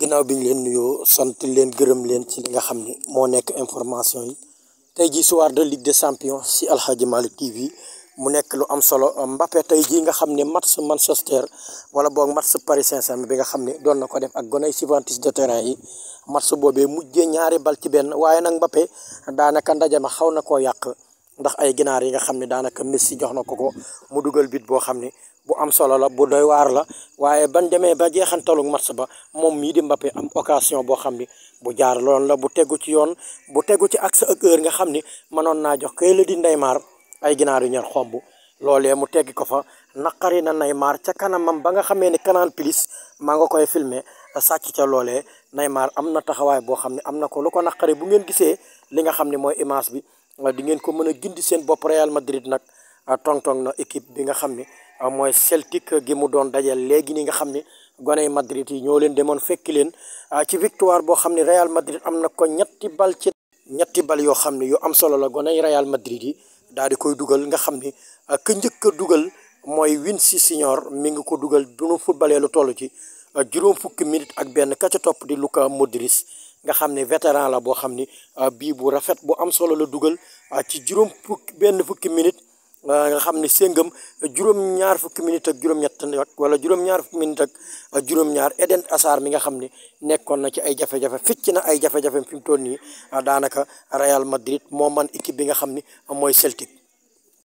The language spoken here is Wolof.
ginnaaw bi ñu leen nuyoo sant leen gërëm leen ci li nga xam ne moo nekk information yi tey jii soir de Ligue des Champions si Al Hadji Malick TV mu nekk lu am solo Mbappé tey jii nga xam ne match Manchester wala boog match Paris Saint-Germain bi nga xam ne doon na ko def ak gonay Juventus de terrain yi match boobee mujjee ñaari bal ci benn waaye nag Mbappé daanaka ndaje ma xaw na koo yàq. ndax ay ginaar yi nga xam ne daanaka Messi jox na ko ko mu dugal bit boo xam ne bu am solo la bu doy waar la waaye ban demee ba jeexantalu match ba moom mii di Mbappé am occasion boo xam ni bu jaar loon la bu tegu ci yoon bu tegu ci axe ak heure nga xam ni mënoon naa jox këy la di ay ginaar yu ñor xomb loolee mu teggi ko fa naqari na Neymar ca kanamam ba nga xamee ni Canal Plus maa nga koy filmer sàcc ca loolee Neymar am na taxawaay boo xam ne am na ko lu ko naqari gisee li nga xam ne mooy image bi Euh, di ngeen ko mën a gindi seen bopp Real Madrid nag euh, tong-tong na équipe bi nga xam ne euh, mooy Celtic gi mu doon dajal léegi ni nga xam ne goney Madrid yi ñoo leen demoon fekk leen ci victoire boo xam ne Real Madrid am na ko ñetti bal ci ñetti bal yoo xam ne yoo am solo la goney Real Madrid yi daal di koy dugal nga xam ni ak njëkk a dugal mooy Vinicius Junior mi ngi ko dugal du nu footballee lu toll ci juróom fukki minutes ak benn ka topp di Luka Modric nga xam ne vétéran la boo xam ni euh, bii bu rafet bu am solo la dugal euh, ci juróom fukki benn fukki minute euh, nga xam ni séngam juróom-ñaar fukki minute ak juróom-ñett wala juróom-ñaar fukki minute ak juróom-ñaar Eden Hazard mi nga xam ni nekkoon na ci ay jafe-jafe ficc na ay jafe-jafe fi mu toll nii daanaka Real Madrid moo man équipe bi nga xam ni mooy Celtic